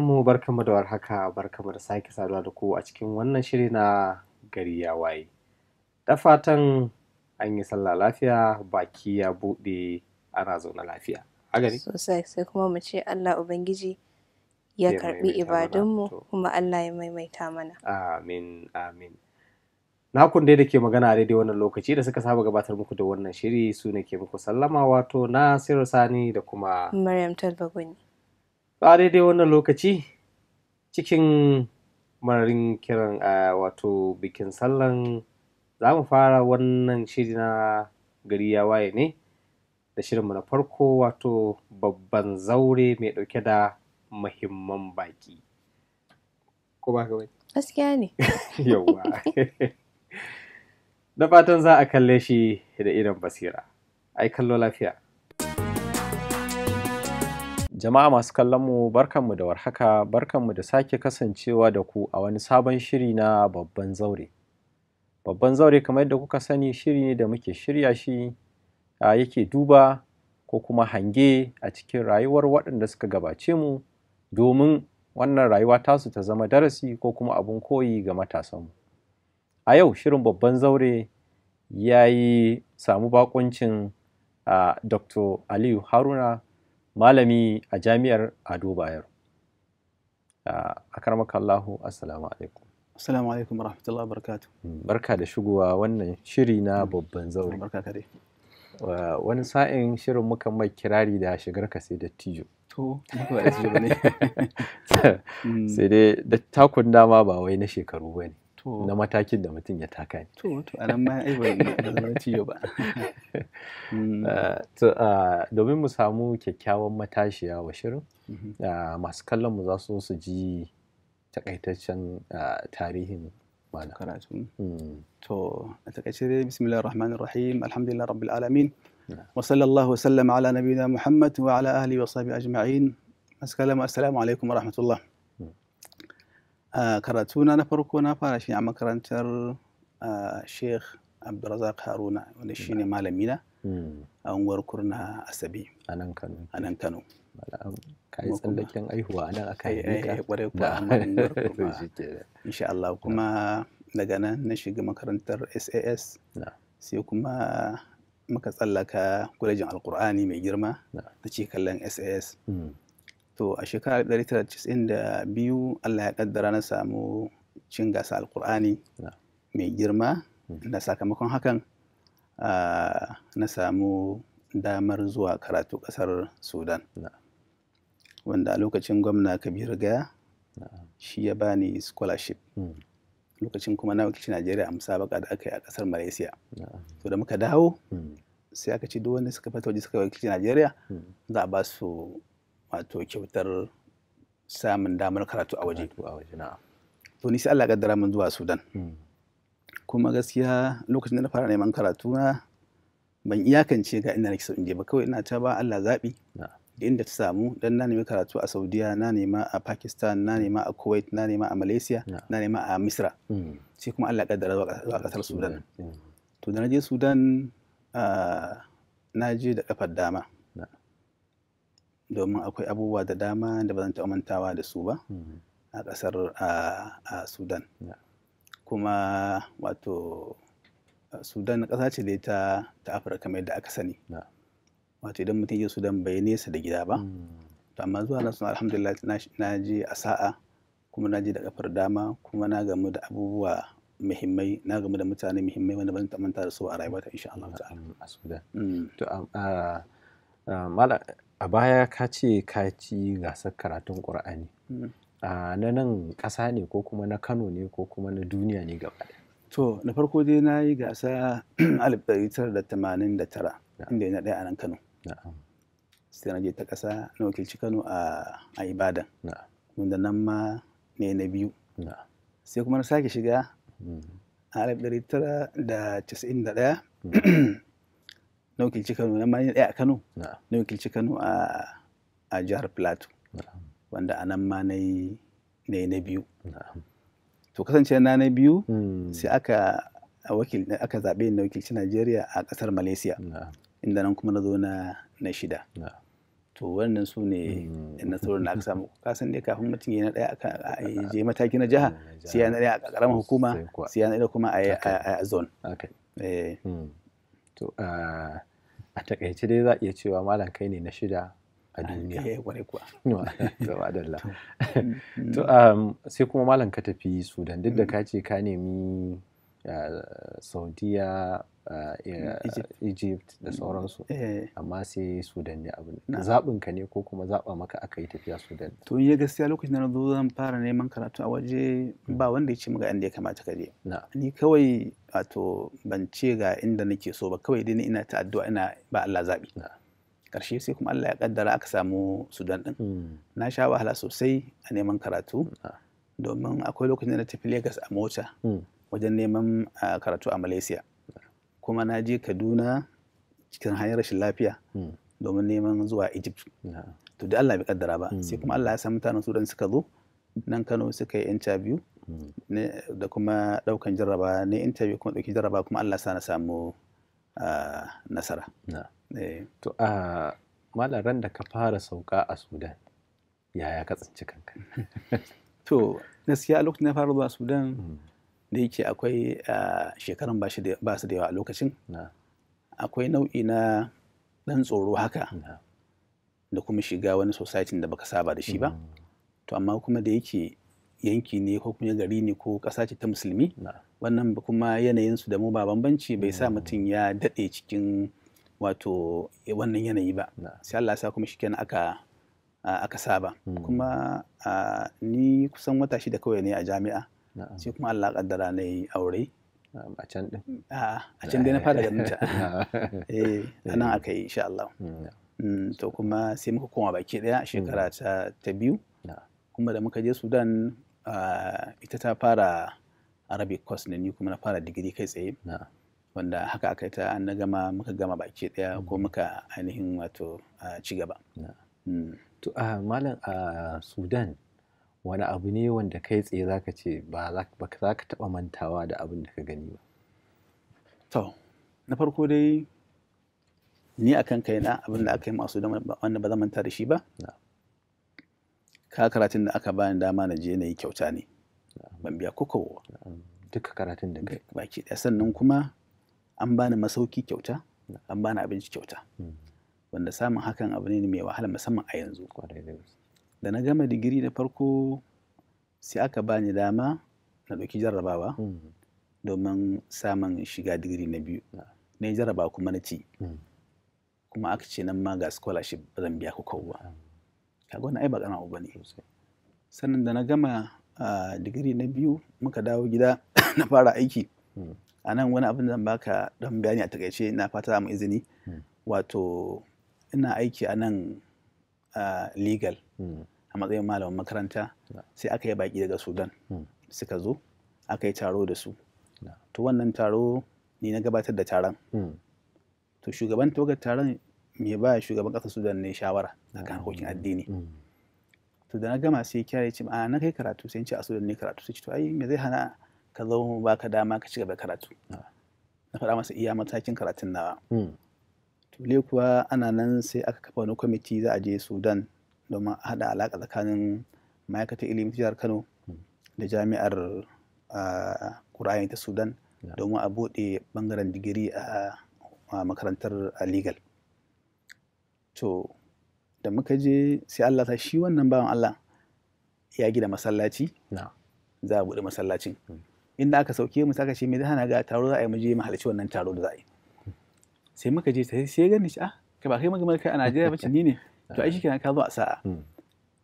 mu barkamu da warhaka barkanmu da sake saduwa da ku a cikin wannan shiri na gari ya waye. Da fatan an yi sallah lafiya baki ya buɗe ana zaune lafiya. gani? Sosai sai kuma mu ce Allah Ubangiji ya karbi ibadunmu kuma Allah ya maimaita mana. Amin amin. kun dai da ke magana a daidai wannan lokaci da suka saba gabatar muku da wannan shiri su ne ke muku sallama wato na Sani da kuma Maryam Talbaguni. a daidai wannan lokaci cikin marin kiran a wato bikin sallan za mu fara wannan shiri na gari ya waye ne da shirinmu na farko wato babban zaure mai dauke da muhimman baki ko ba kawai gaskiya ne yauwa da fatan za a kalle shi da irin basira ai kallo lafiya Jama'a masu kallon mu barkanmu da warhaka, barkanmu da sake kasancewa da ku a wani sabon shiri na babban zaure. Babban zaure kamar yadda kuka sani shiri ne da muke shirya shi a yake duba ko kuma hange a cikin rayuwar waɗanda suka gabace mu domin wannan rayuwa tasu ta zama darasi ko kuma abin koyi ga matasanmu. A yau shirin babban zaure ya yi samu bakuncin Dr. Aliyu Haruna malami a jami'ar Ado Bayero. Akarmakallahu, Assalamu alaikum. Assalamu alaikum rahmatullahi barakatu. Mm, barka da shigowa wannan shiri na mm. babban zauri. Barka kare. Wani sa'in shirin muka mai kirari da shigar ka sai dattijo. To, ba ne. Mm. Sai dai takun dama ba wai na shekaru ba ne. na matakin da mutum ya taka ne to to anan ma ai ba zama ciyo ba mm. uh, uh, domin mu samu kyakkyawan matashiya wa shirin mm-hmm. uh, masu kallon mu za su su ji takaitaccen tarihin mana karatu mm. to a takaice dai bismillahir rahmanir rahim alhamdulillah rabbil alamin wa sallallahu wa sallama ala nabiyina muhammad wa ala alihi wa sahbihi ajma'in assalamu alaikum wa rahmatullah karatuna na farko na fara shi a makarantar sheikh abdulrazak haruna wanda shi ne malamina hmm. a unguwar kurna asabi a nan kano ka yi tsallaken aihuwa nan a eh, kan yi eh, kwarai kuwa a unguwar kurna insha Allah kuma daga nan na shiga makarantar sas sai kuma muka tsallaka kwalejin alkur'ani mai girma ta ce kallon sas to a shekarar biyu Allah ya kaddara na samu cin gasa alkur'ani mai girma mhm. da sakamakon hakan na samu damar zuwa karatu ƙasar sudan wanda a lokacin gwamna kabiru gaya shi ya bani scholarship hmm. lokacin kuma na wakilci najeriya a musabaka da aka yi a ƙasar malaysia to da muka dawo hmm. sai aka ci duk wanda suka fata waje suka wakilci najeriya hmm. za a ba su wato kyautar samun damar karatu a waje to ni sai Allah kaddara mun zuwa Sudan hmm. kuma gaskiya lokacin da na fara neman karatu na ban iyakance ga inda nake in je ba kawai ina ta ba Allah zabi inda ta samu dan na nemi karatu a Saudiya na nema a Pakistan na nema a Kuwait na nema a Malaysia na nema a Misra hmm. sai kuma Allah kaddara zuwa kasar Sudan hmm. to da na je Sudan ah, na je da kafar dama domin akwai abubuwa da dama da ba zan taɓa mantawa da su ba mhm. a ƙasar a sudan kuma wato sudan ƙasa ce dai ta ta afirka mai da aka sani wato idan mutum ya sudan bai nesa da gida ba hmm. to amma zuwa nan suna alhamdulillah na je a sa'a kuma na je da kafar dama kuma na gamu da abubuwa muhimmai na gamu da mutane muhimmai wanda ban taɓa manta da su a rayuwata insha Allah ta'ala a sudan hmm. to a baya ka ce ka ci gasar karatun ƙur'ani mm. a na nan ƙasa ne ko kuma na kano ne ko kuma na duniya ne gaba to na farko dai na yi gasa 1989 inda na ɗaya a nan kano sai na je ta ƙasa na wakilci kano a ibadan wanda nan ma ne na biyu sai kuma na sake shiga mm. a 1991 na wakilci kano na mani ɗaya a kano na wakilci kano a jihar plateau wanda a nan ma na yi na biyu to kasance na na biyu hmm. sai aka aka zaɓe na wakilci najeriya a ƙasar malaysia inda nan kuma na zo na na shida to wannan su ne hmm. nasarorin da aka samu kasan dai kafin mutum ya na ɗaya a je mataki na jiha sai ya na ɗaya a ƙaramar hukuma sai ya na ɗaya kuma a zone eh. hmm. to uh, a takaice dai za a iya cewa malam kai ne na shida a duniya to mm, mm. Um, sai kuma malam ka tafi sudan duk da mm. ka ce ka nemi saudiya mm, egypt da sauransu eh. amma sai sudan ne abin zaɓin ka ne ko kuma zaɓa maka aka yi tafiya sudan to ya gaskiya lokacin da na zo zan fara neman karatu a waje mm. ba wanda ya ce maga inda ya kamata ka je ni kawai wato ban ce ga inda nake so ba kawai dai ina ta addu'a ina ba Allah zaɓi karshe sai kuma Allah ya kaddara aka samu sudan din mm. na sha wahala sosai a neman karatu domin akwai lokacin da na tafi Legas a mota wajen neman karatu a malaysia kuma na je kaduna cikin hanyar rashin lafiya hmm. domin neman zuwa egypt to da allah bai kaddara ba hmm. sai kuma allah ya samu mutanen sudan suka zo nan kano suka yi interview hmm. da kuma daukan jarraba ne interview kuma dauki jarraba kuma allah sa na samu nasara eh. to a malaran da ka fara sauka a sudan yaya ka tsinci kanka to gaskiya a lokacin na fara zuwa sudan da yake akwai shekarun ba su da yawa a lokacin akwai nau'i na ɗan tsoro haka da kuma shiga wani society da baka saba da shi ba mm. to amma kuma da yake yanki ne ko kuma gari ne ko ƙasa ce ta musulmi wannan kuma su da mu ba bambanci bai sa mm. mutum ya daɗe cikin wato wannan yanayi ba sai Allah sa kuma shikenan aka aka saba mm. kuma ni kusan wata shida kawai ne a jami'a sai kuma Allah kaddara na yi aure a can din a can dai na fara ganin ta eh nan aka yi insha Allah mm, mm, to kuma sai muka koma baki daya shekara mm. ta biyu kuma da muka je Sudan ita ta fara Arabic course ne ni kuma na fara digiri kai tsaye wanda haka aka yi ta na gama muka gama baki daya ko muka ainihin wato ci gaba malam a Sudan wani abu ne wanda kai tsaye za ka ce ba za ka taɓa mantawa da abin da ka gani ba to na farko dai ni a kan kaina abin da aka yi masu da wanda ba zan manta da shi ba ka karatun da aka bani dama na je na yi kyauta ne ban biya kokowa duka karatun da kai baki ɗaya sannan kuma an bani masauki kyauta an bani abinci kyauta hmm. wanda samun hakan abu ne mai wahala musamman a yanzu da na gama digiri na farko sai aka bani dama na ɗauki jarrabawa hmm. domin samun shiga digiri na biyu ah. na yi jarraba kuma na ci hmm. kuma aka ce nan ma ga scholarship zan biya ku kowa ah. kaga wani ai ba kana uba ne sannan da na gama digiri na biyu muka dawo gida na fara aiki hmm. a nan wani abin zan baka dan bayani a takaice na fata mu izini wato ina aiki a nan legal a matsayin malamin makaranta sai aka yi baki daga sudan hmm. suka zo aka yi taro da su to wannan taro ne na gabatar da taron hmm. to shugaban tawagar taron mai ba shugaban ƙasar sudan ne shawara a kan ah. harkokin addini hmm. to da na gama sai ya ce a ah, na kai karatu sai ce a sudan ne karatu sai ce to ai me zai hana ka zo ba ka dama ka ci gaba karatu na faɗa masa iya matakin karatun nawa to le kuwa ana nan sai aka kafa wani kwamiti za a je sudan domin hada alaka tsakanin ma'aikatar ilimin jihar kano da jami'ar kur'ani ta sudan domin a bude bangaren digiri a makarantar legal to da muka je sai allah ta shi wannan bawan allah ya gina masallaci za a bude masallacin hmm. inda aka sauke mu saka ce mai ga taro za a yi muje je mu wannan taro da za a yi hmm. sai muka je sai sai gani ah kai ba kai magana kai a Najeriya ba ni ne to ai shikenan ka zo a sa'a hmm.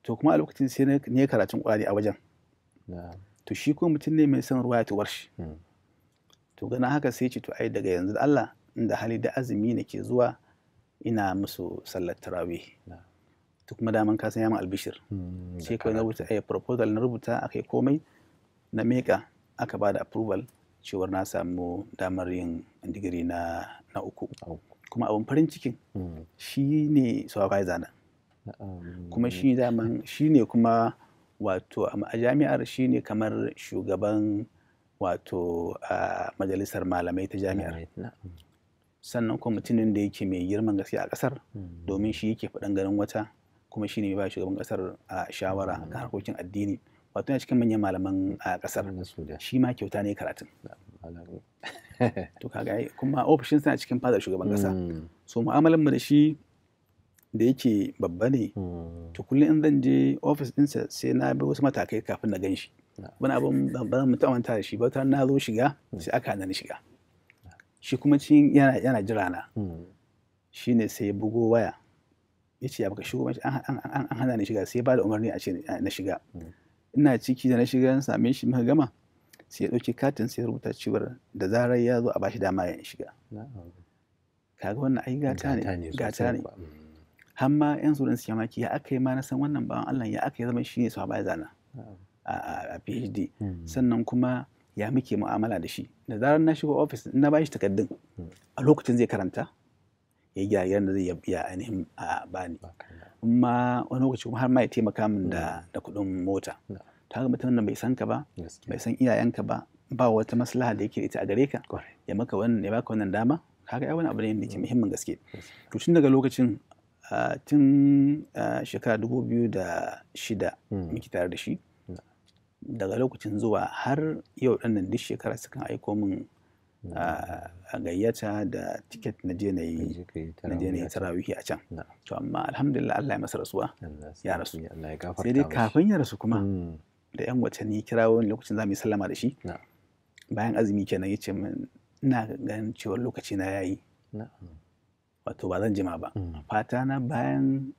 to kuma a lokacin sai ne karatun ƙwari a wajen to shi ko mutum ne mai son ruwa ya tuwar shi hmm. to gana haka sai ce to ai daga yanzu Allah inda hali da azumi nake zuwa ina musu sallar tarawih to kuma daman ka san ya albishir hmm, sai ka na rubuta ai eh, proposal na rubuta akai komai na meka aka bada approval cewar na samu damar yin digiri na uku kuma abin farin cikin shi ne saurayi zanen kuma shi shi ne kuma wato a jami'ar shi ne kamar shugaban wato a majalisar malamai ta jami'ar sannan kuma mutumin da yake mai girman gaske a kasar hmm. domin shi yake faɗan ganin wata kuma shi ne ba shugaban kasar a shawara hmm. kan harkokin addini wato yana cikin manyan malaman a kasar shi ma kyauta ne karatun to kaga kuma ofishin suna cikin fadar shugaban kasa hmm. so mu'amalan mu da shi da yake babba ne hmm. to kullum in zan je ofis ɗinsa sai na bi wasu matakai kafin na gan shi wani abin ban mu tawanta da shi ba ta na zo shiga hmm. sai aka na ni shiga shi kuma cin yana yana jira na Shi ne sai bugo waya Ya ce ya baka shigo an hana ni shiga sai ba da umarni a ce na shiga ina ciki da na shiga na same shi muka gama sai ya ɗauki katin sai ya rubuta da zarar ya zo a bashi dama ya shiga kaga wannan ai gata ne gata ne mm. har ma yan sudan su maki ya aka yi ma na san wannan bawan Allah ya aka yi zama shi ne su ba zana a PhD mm. sannan kuma ya muke mu'amala da shi da zarar na shiga ofis na bashi takaddun mm. a lokacin zai karanta ya yi gyaran da zai ya ainihin a bani amma wani lokaci kuma har ma ya taimaka min da kuɗin mota kaga mutum nan bai san ka ba bai san iyayenka ba ba wata maslaha da yake ita a gare ka ya maka wannan ya baka wannan dama kaga ai wani abu ne da yake mm. muhimmin gaske to tun daga lokacin tun shekara dubu biyu da shida mm. muke tare da shi mm. daga lokacin zuwa har yau nan duk shekara sukan aiko min a gayyata da tiket na je na yi tarawihi a can to amma alhamdulillah Allah ya masa rasuwa ya rasu sai dai kafin ya rasu kuma da yan watanni kira wani lokacin za mu yi sallama da shi bayan azumi kenan ya ce min ina ganin cewa lokaci na yayi wato ba zan jima ba mm. fata na bayan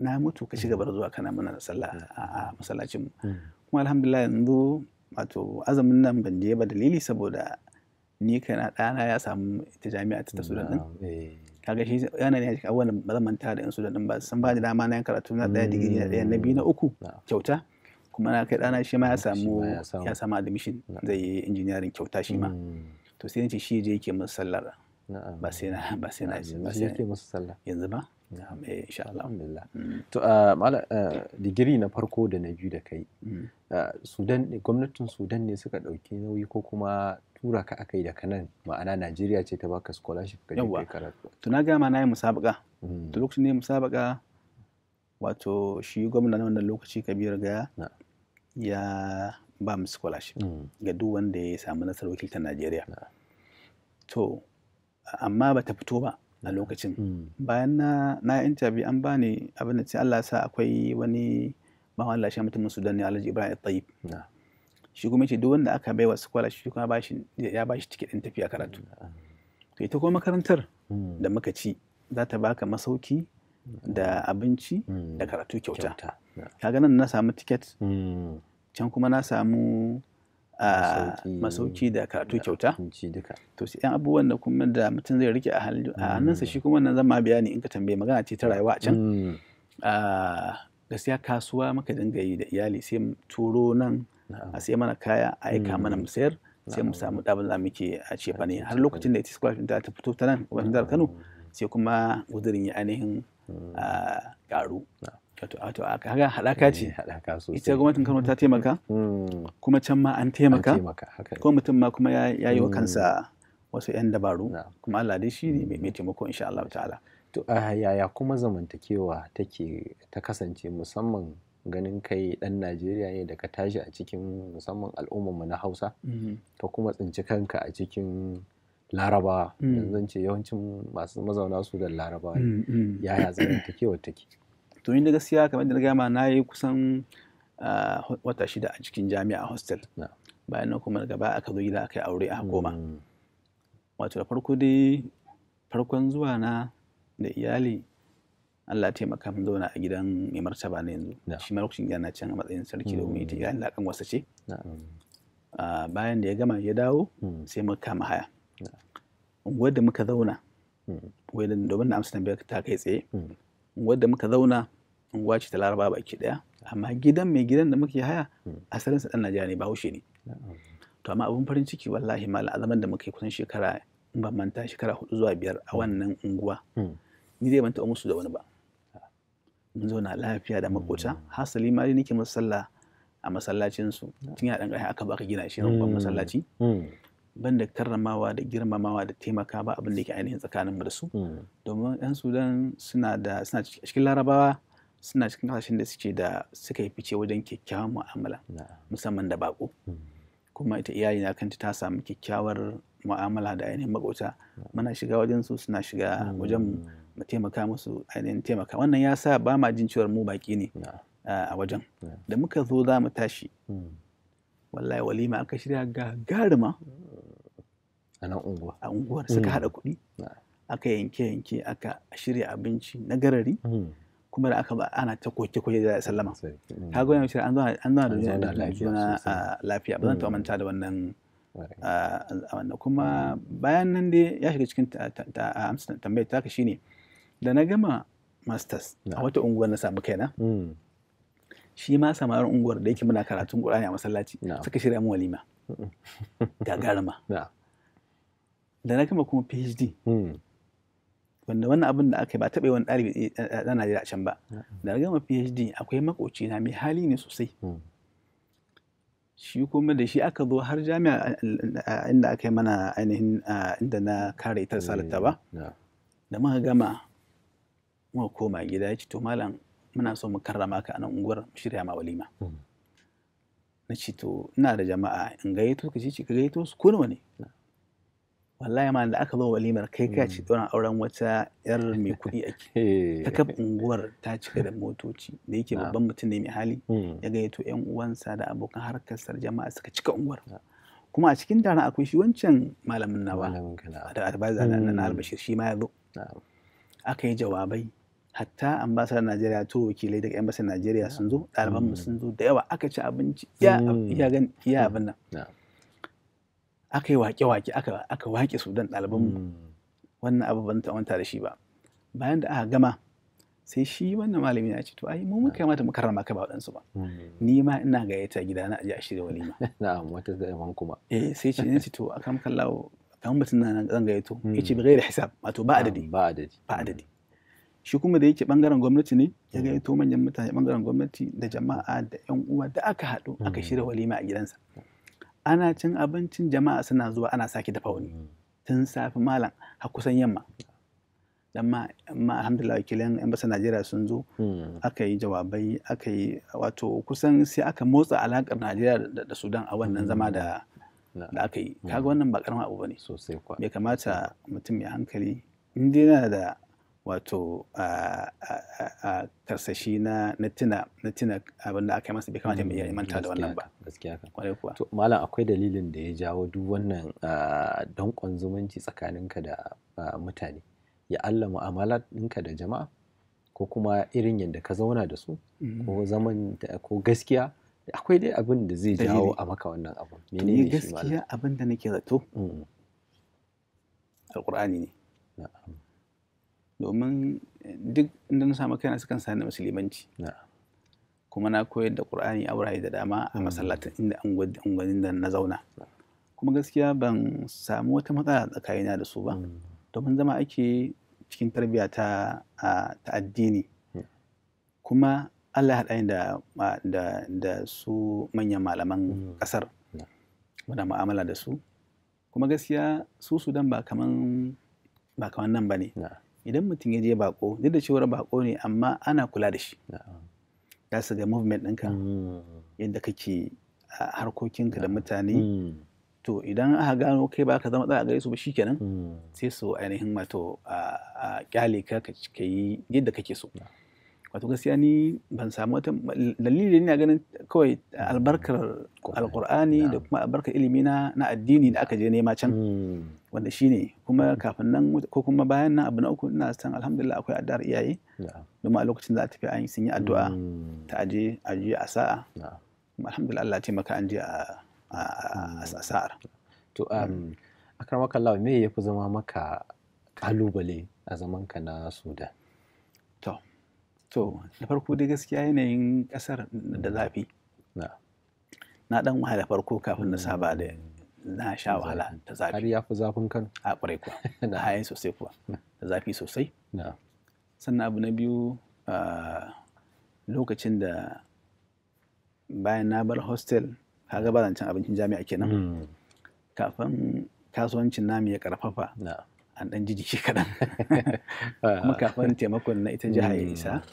na mutu ka shiga bar mm. zuwa kana mana sallah a masallacin mu mm. kuma alhamdulillah yanzu wato azumin nan ban je ba dalili saboda ni kana ɗana ya samu ita jami'a ta da din eh. kaga shi yana ne a wannan ba zan manta da yan da nan ba san ba da dama na karatu na ɗaya digiri na ɗaya na biyu na uku kyauta kuma na kai ɗana shi ma ya samu ya samu admission zai yi engineering kyauta shi ma hmm. to sai nace shi je yake musu sallar ba sai na ba sai na ba sai yake musu sallar yanzu ba eh, insha Allah alhamdulillah hmm. to ah, mala ah, digiri na farko da na biyu da kai hmm. ah, Sudan gwamnatin Sudan ne suka dauke nauyi ko kuma tura ka akai da kanan ma'ana Najeriya ce ta baka scholarship ka je kai karatu to na gama na yi musabaka to lokacin ne musabaka wato shi gwamna na wannan lokaci Kabir Gaya ya ba mu scholarship mm. ga duk wanda ya samu nasarar wakiltar Najeriya. To, amma ba ta fito ba a lokacin. Mm. Bayan na na interview an bani abin da ce Allah sa akwai wani bawan Allah shi mutumin Sudan ne Alhaji Ibrahim Tayyib. Shi kuma ce duk wanda aka baiwa scholarship shi kuma ya bashi ticket din tafiya karatu. To ita kuma makarantar mm. da muka ci za ta baka masauki da abinci da hmm. karatu kyauta kaga nan na samu tiket hmm. can kuma na samu ah, masauki da karatu kyauta to sai yan abubuwan da kuma da mutum zai rike a hannunsa hmm. shi kuma nan zama bayani in ka tambaye magana ce ta rayuwa a can ah, gaskiya kasuwa maka dinga yi da iyali sai turo nan a sai mana kaya a aika mana mu sayar sai mu samu ɗabin da muke a cefane har lokacin da ita squash ta fito ta nan wajen jihar kano sai kuma gudurin ya ainihin karu ah, ah. wato kaga haɗaka ce eh, ita gwamnatin Kano ta taimaka mm. kuma can ma an taimaka ko mutum ma kuma ya yi wa mm. kansa wasu 'yan dabaru kuma Allah dai shi ne mai mm. taimako insha Allah ta'ala to ah, yaya kuma zamantakewa take ta kasance musamman ganin kai dan Najeriya ne da ka tashi a cikin musamman mu na Hausa mm-hmm. ka kuma tsinci kanka a cikin laraba mm. yanzu ce yawancin masu mazauna sudan laraba mm, mm. yaya zamantakewar take to inda gaskiya kamar da na gama na yi kusan ah, wata shida a cikin jami'a hostel bayan na kuma gaba aka zo gida aka yi aure a goma wato da farko dai farkon zuwa na da iyali Allah taimaka mun zauna a gidan mai martaba na yanzu shi ma lokacin yana can a matsayin sarki da mai da kan wasa ce ah, bayan da ya gama ya dawo sai mu kama haya wadda muka zauna mm. domin na amsa tambayar ta kai tsaye mm. wadda muka zauna unguwa ce ta laraba baki daya amma gidan mai gidan da muke haya mm. asalin sa dan najeriya ne bahaushe ne to amma abun farin ciki wallahi malam azaman da muka yi kusan shekara in ban manta shekara hudu zuwa biyar a wannan unguwa ni zai manta musu da wani ba mun zauna lafiya da makota hasali ma nake musu sallah a masallacin su tun ya dan aka baka gina shi ban masallaci ban da karramawa da girmamawa da taimaka ba abin da ke ainihin tsakanin mu da su hmm. domin 'yan sudan suna da suna cikin larabawa suna cikin kasashen da suke da suka yi fice wajen kyakkyawan mu'amala musamman da bako hmm. kuma ita iyali na kanta ta samu kyakkyawar mu'amala da ainihin makota muna shiga wajen su suna shiga hmm. wajen mu taimaka musu ainihin taimaka wannan ya sa ba ma jin cewar mu baki ne a wajen da muka zo za mu tashi wallahi walima aka shirya ga garima. a nan unguwa a unguwar suka haɗa kuɗi hmm. aka yanke yanke aka shirya abinci na garari hmm. kuma da aka ba ana ta koke koke da sallama hmm. ka ga yanzu an zo an zauna da juna ah, lafiya ba zan ta manta da wannan ah, wannan kuma bayan nan dai ya shiga cikin tambayar ka shine da na gama masters a wata unguwar na samu kaina shi ma samar unguwar da yake muna karatun Qur'ani a masallaci suka shirya mu walima garma da na gama kuma phd hmm. wanda wannan abin da aka yi ba taɓa wani ɗalibi eh, a Najeriya can ba hmm. da na gama PhD akwai makoci na mai hali ne sosai hmm. shi kuma da shi aka zo har jami'a inda aka yi mana ainihin inda na kare ita salata ba da muka gama muka koma gida ya ce to malam muna so mu karrama ka a nan unguwar shirya ma walima na ce to ina da jama'a in gayyato ka ce ka gayyato su ko ne wallahi ma da aka zo walimar kai ka hmm. ce ɗauran auren wata yar mai kuɗi ake ta eh. kaf unguwar ta cika da motoci da yake ah. babban mutum ne mai hali hmm. ya gayyato yan uwansa da abokan harkar jama'a suka cika unguwar ah. kuma a cikin taron akwai shi wancan malamin nawa da albaza na hmm. albashir shi ma ya zo ah. aka yi jawabai hatta ambasadar najeriya to wakilai daga ambasadar najeriya sun zo mu sun zo da yawa aka ci abinci iya abin nan aka yi wake-wake aka wake sudan ɗalibanmu mm. wannan abu ban ta da shi ba bayan da aka gama sai shi wannan malami ya ce to ai mu mun ah. kamata mu karrama kai ba waɗansu ba mm. ni ma ina gayyata gida na aje a shirya walima na'am wata ga yawan kuma eh sai ce ne to aka maka lawo kan mutum nan zan gayyato mm. yace bi gairi hisab wato ba adadi ba adadi ba adadi shi kuma da yake bangaren gwamnati ne ya gayyato manyan mutane bangaren gwamnati da jama'a da yan uwa da aka haɗu aka shirya walima a gidansa ana cin abincin jama'a suna zuwa ana sake dafa wani mm. tun safi malam har kusan yamma dan ma amma alhamdulillah wakilan yan basa Najeriya sun zo mm. aka yi jawabai aka yi wato kusan sai aka motsa alakar Najeriya da Sudan a wannan zama mm. da da aka yi kaga wannan ba karamin abu bane sosai kwa bai kamata mutum ya hankali in dai yana da wato a karsashi na tuna abin da aka yi masa bai kamata mai ya mm, manta da wannan ba gaskiya kwarai kuwa to malam akwai dalilin da ya jawo duk wannan dankon zumunci tsakaninka da mutane ya Allah mu'amala ɗinka da jama'a ko kuma irin yadda ka zauna da su mm. ko zaman ko gaskiya akwai dai abin da zai jawo a maka wannan abu menene gaskiya abin da nake zato mm. alqur'ani ne na'am domin eh, duk inda na samu kaina sukan sani musulmanci kuma na koyar da ƙur'ani, a wurare da dama a hmm. masallatin inda unguwannin da na zauna kuma gaskiya ban samu wata matsala tsakanina da su ba hmm. domin zama ake cikin tarbiyya ta addini hmm. kuma Allah ya haɗa da su manyan malaman ƙasar muna mu'amala da su kuma gaskiya su sudan ba ba kaman nan ba ne idan mutum ya je bako duk da cewar bako ne amma ana kula da shi za su ga movement ɗinka mm. yadda kake harkokinka da mutane mm. to idan aka gano kai ba ka zama tsara gare su ba shi kenan mm. sai su ainihin mato a kyale ka ka yi yadda kake so wato gaskiya ni ban samu wata dalili ne ganin kawai albarkar alkur'ani da kuma albarkar ilimi na addini da aka je nema can hmm. wanda shine kuma hmm. kafin nan ko kuma bayan nan abu na uku ina san alhamdulillah akwai addu'ar iyaye domin a lokacin za a tafi an sun yi addu'a hmm. ta aje aje a sa'a kuma alhamdulillah Allah ce taimaka an je a sa'ar to um, akramaka Allah me fi zama maka kalubale a zamanka na Sudan to da farko dai gaskiya yanayin kasar da zafi na dan wahala farko kafin na saba da na sha wahala da zafi har ya fi zafin kan a kwarai kuwa da hayan sosai kuwa da zafi sosai sannan abu na biyu lokacin da bayan na bar hostel kaga ba zancen abincin jami'a kenan hmm. kafin kasuwancin namu ya karfafa an ɗan ji jiki kaɗan kuma kafin taimakon na ita jiha ya isa mm.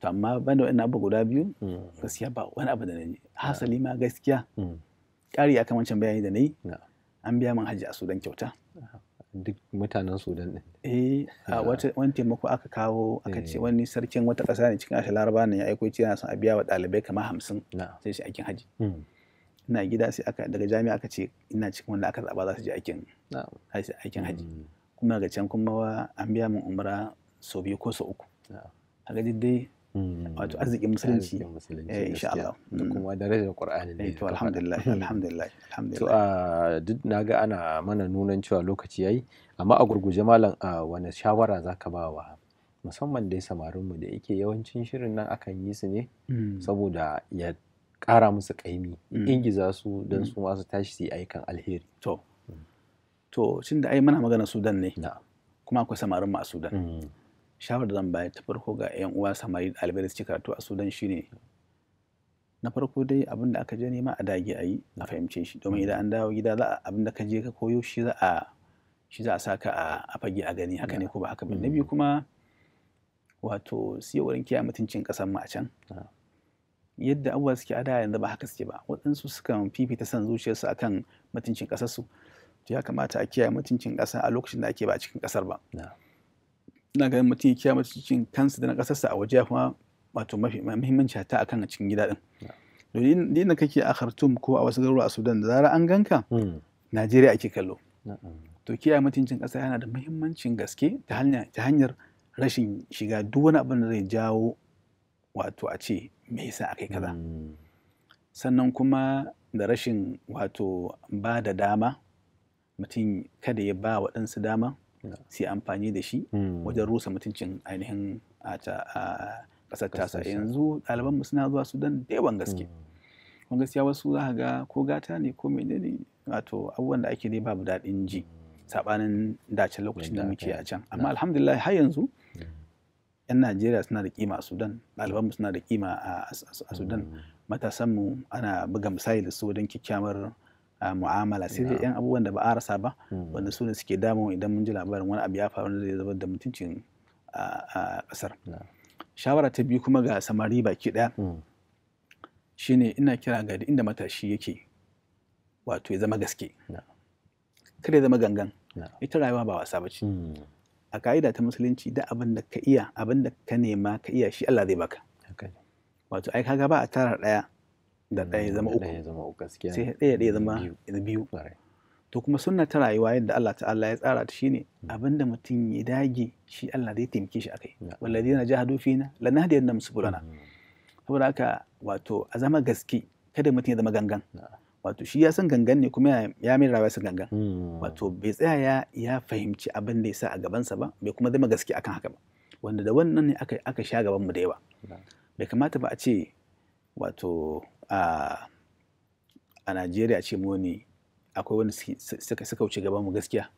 to amma bani wani abu guda biyu mm. gaskiya ba wani abu da na yi. hasali ma gaskiya mm. ƙari a kan wancan bayani da na yi an biya min hajji a sudan kyauta ah, duk mutanen sudan ɗin eh wani taimako aka kawo aka ce eh. wani sarkin wata ƙasa ne cikin ashe laraba ne ya aiko ce yana son a biya wa ɗalibai kamar hamsin sai shi aikin hajji ina gida sai aka daga jami'a aka ce ina cikin wanda aka zaɓa za su je aikin aikin hajji kuma ga can kuma an biya min umra sau biyu ko sau uku A ah. ga dai hmm. wato arzikin musulunci eh, insha Allah da kuma hmm. darajar Qur'ani ne eh, to alhamdulillah alhamdulillah to ah, duk naga ana mana nunan cewa lokaci yayi amma a gurguje malam ah, wani shawara zaka ba wa musamman dai samarinmu da yake yawancin shirin nan akan yi su ne hmm. saboda ya ƙara musu ƙaimi ingiza su don su masu tashi su yi aikan alheri to to shin da ai muna magana sudan ne kuma akwai samarin ma a sudan mm. shawar da zan bayar ta farko ga yan uwa samari ɗalibai da suke karatu a sudan shine na farko dai abin da aka je nema a dage ayi yi a fahimce shi domin mm. idan an dawo gida za abin da ka je ka koyo shi za a shi za a saka a fage a gani haka ne ko ba haka ba na mm. biyu kuma wato wurin kiyaye mutuncin kasan mu a can yadda abubuwa suke a yanzu ba haka suke ba waɗansu sukan fifita son zuciyarsu akan mutuncin ƙasarsu to ya kamata a kiyaye mutuncin ƙasa a lokacin da ake ba a cikin ƙasar ba ina ganin mutum ya kiyaye mutuncin kansa da na ƙasarsa a waje kuma wato mafi muhimmanci ta akan a cikin gida din domin da kake a Khartoum ko a wasu garuruwa a Sudan da zara an ganka hmm. Najeriya ake kallo to kiyaye mutuncin ƙasa yana da muhimmancin gaske ta hanyar rashin shiga duk wani abin da zai jawo wato a ce me yasa akai kaza hmm. sannan kuma da rashin wato ba da dama mutum kada ya ba waɗansu dama su amfani da shi hmm. wajen rusa mutuncin ainihin a ƙasar tasa yanzu mu suna zuwa sudan da yawan gaske hmm. kuma gaskiya wasu za ga ko gata ne ko menene wato abubuwan da ake dai babu daɗin ji hmm. saɓanin dace lokacin da muke a can amma alhamdulillah har yanzu 'yan najeriya suna da kima a sudan mu suna da kima a sudan matasanmu ana buga misali da su wajen kyakkyawar mu'amala sai dai yan abubuwan da ba a rasa ba hmm. wanda su ne suke damu idan mun ji labarin wani abu ya faru da zai zubar da mutuncin a kasar shawara ta biyu kuma ga samari baki daya hmm. shine ina kira ga inda matashi yake wato ya zama gaske kada ya zama gangan ita rayuwa ba wasa ba ce hmm. a ka'ida ta musulunci da abin da ka iya abin da ka nema ka iya shi Allah zai baka wato ai kaga ba a tara daya da ɗaya ya zama uku sai ɗaya ya zama biyu to kuma sunna ta rayuwa yadda Allah ta'ala ya tsara ta shine abinda mutum ya dage shi Allah zai taimake shi akai na jahadu fina lanahdiyannahum mm -hmm. subulana saboda haka wato a zama gaske kada mutum ya zama gangan wato shi ya san gangan ne kuma ya mai rayuwa san gangan wato bai tsaya ya fahimci abin da ya sa a gabansa ba bai kuma zama gaske akan haka ba wanda da wannan ne aka sha gaban mu da yawa bai kamata ba a ce wato a Najeriya ce mu ne akwai wani suka wuce gaban mu gaskiya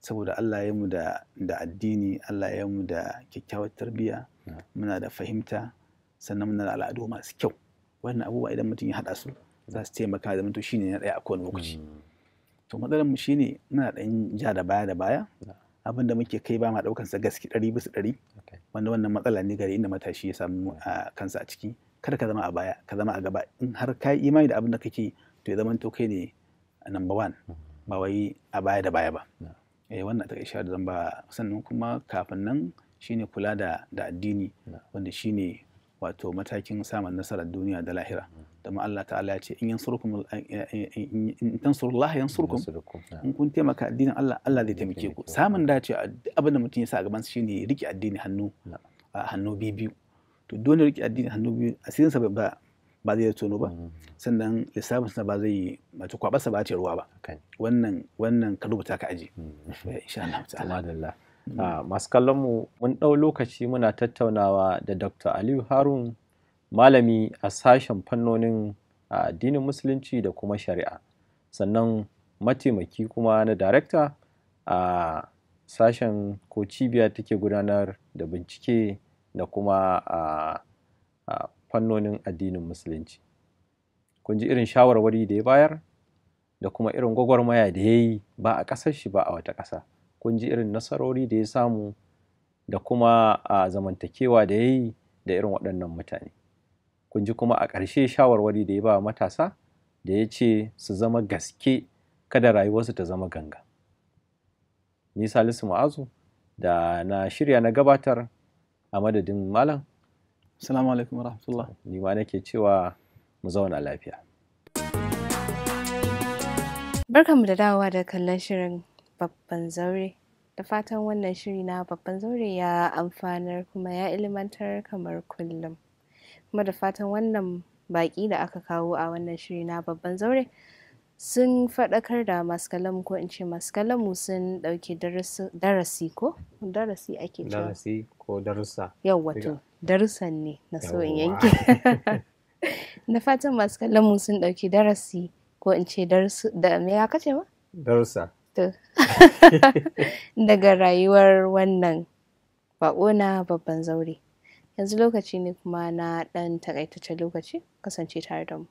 saboda Allah ya mu da addini Allah ya mu da kyakkyawar tarbiyya muna da fahimta sannan muna da al'adu masu kyau wannan abubuwa idan mutum ya haɗa su za su taimaka da mutum shine na ɗaya a kowane lokaci hmm. to matsalar mu shine muna ɗan ja da baya da baya abin da muke kai ba ma sa gaske ɗari bisa ɗari wanda wannan matsala ne gare inda matashi ya samu kansa a ciki kada ka zama a baya ka zama a gaba in har ka yi imani da abin da kake to ya zama to kai ne number one ba wai a baya da baya ba eh wannan ta isha da zamba sannan kuma kafin nan shine kula da da addini wanda shine wato matakin samun nasarar duniya da lahira domin Allah ta'ala ya ce in yansurukum eh, eh, eh, in tansurullah yansurukum in kun taimaka addinin Allah Allah zai taimake ku samun dace abin da mutum ya sa a gaban shine rike addini hannu hannu bibiyu to dole riƙe addini hannu biyu asirinsa ba ba zai tono ba mm. sannan lissafinsa ba zai mace kwabarsa ba ta ruwa ba wannan wannan ka rubuta ka aji mm. eh, insha Allah ta'ala mm. ah, masu kallon mu mun ɗau lokaci muna tattaunawa da Dr. Aliyu Harun malami a sashen fannonin addinin musulunci da kuma shari'a sannan mataimaki kuma na darekta a sashen ko cibiya take gudanar da bincike da kuma a fannonin addinin musulunci kun ji irin shawarwari da ya bayar da kuma irin gwagwarmaya da ya yi ba a ƙasar shi ba a wata ƙasa kun ji irin nasarori da ya samu da kuma a zamantakewa da ya yi da irin waɗannan mutane kun ji kuma a ƙarshe shawarwari da ya ba matasa da ya ce su zama gaske kada rayuwarsu ta zama ganga ni salisu ma'azu da na shirya na gabatar a madadin malam salamu alaikum wa rahmatullah ma nake cewa mu zauna lafiya barkanmu da dawowa da kallon shirin babban zaure da fatan wannan shiri na babban zaure ya amfanar kuma ya ilimantar kamar kullum kuma da fatan wannan baki da aka kawo a wannan shiri na babban zaure sun faɗakar da maskalam ko in ce masu sun ɗauki darasi ko darasi ake cewa darasi ko darussa yau wato darussan ne na so in yanke na fatan masu sun ɗauki darasi ko in ce da me ya kace ma darussa daga rayuwar wannan baƙo na babban zaure yanzu lokaci ne kuma na ɗan takaitaccen lokaci kasance tare da mu